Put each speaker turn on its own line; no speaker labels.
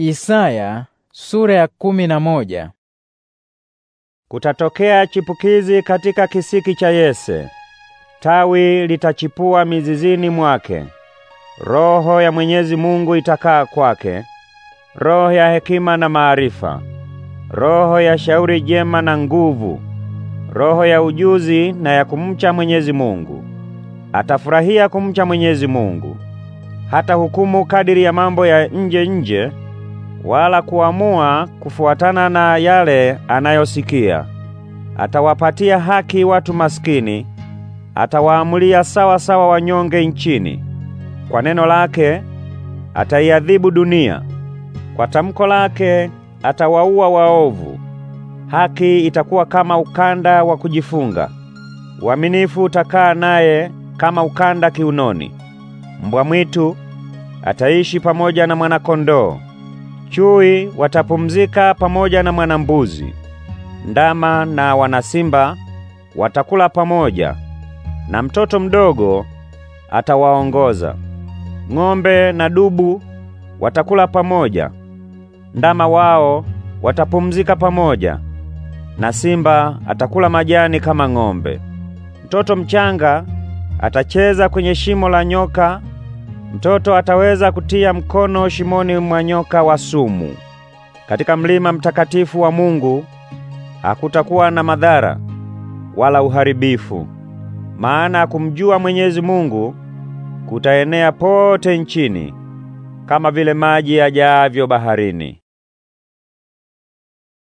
Isaya sura ya kumi na moja. Kutatokea chipukizi katika kisiki cha Yese, tawi litachipua mizizini mwake. Roho ya Mwenyezi Mungu itakaa kwake, roho ya hekima na maarifa, roho ya shauri jema na nguvu, roho ya ujuzi na ya kumcha Mwenyezi Mungu. Atafurahia kumcha Mwenyezi Mungu, hata hukumu kadiri ya mambo ya nje nje wala kuamua kufuatana na yale anayosikia. Atawapatia haki watu maskini, atawaamulia sawa sawa wanyonge nchini. Kwa neno lake ataiadhibu dunia, kwa tamko lake atawaua waovu. Haki itakuwa kama ukanda wa kujifunga, uaminifu utakaa naye kama ukanda kiunoni. Mbwa mwitu ataishi pamoja na mwana-kondoo. Chui watapumzika pamoja na mwanambuzi, ndama na wanasimba watakula pamoja, na mtoto mdogo atawaongoza. Ng'ombe na dubu watakula pamoja, ndama wao watapumzika pamoja, na simba atakula majani kama ng'ombe. Mtoto mchanga atacheza kwenye shimo la nyoka mtoto ataweza kutia mkono shimoni mwa nyoka wa sumu. Katika mlima mtakatifu wa Mungu hakutakuwa na madhara wala uharibifu, maana kumjua Mwenyezi Mungu kutaenea pote nchini kama vile maji yajaavyo baharini.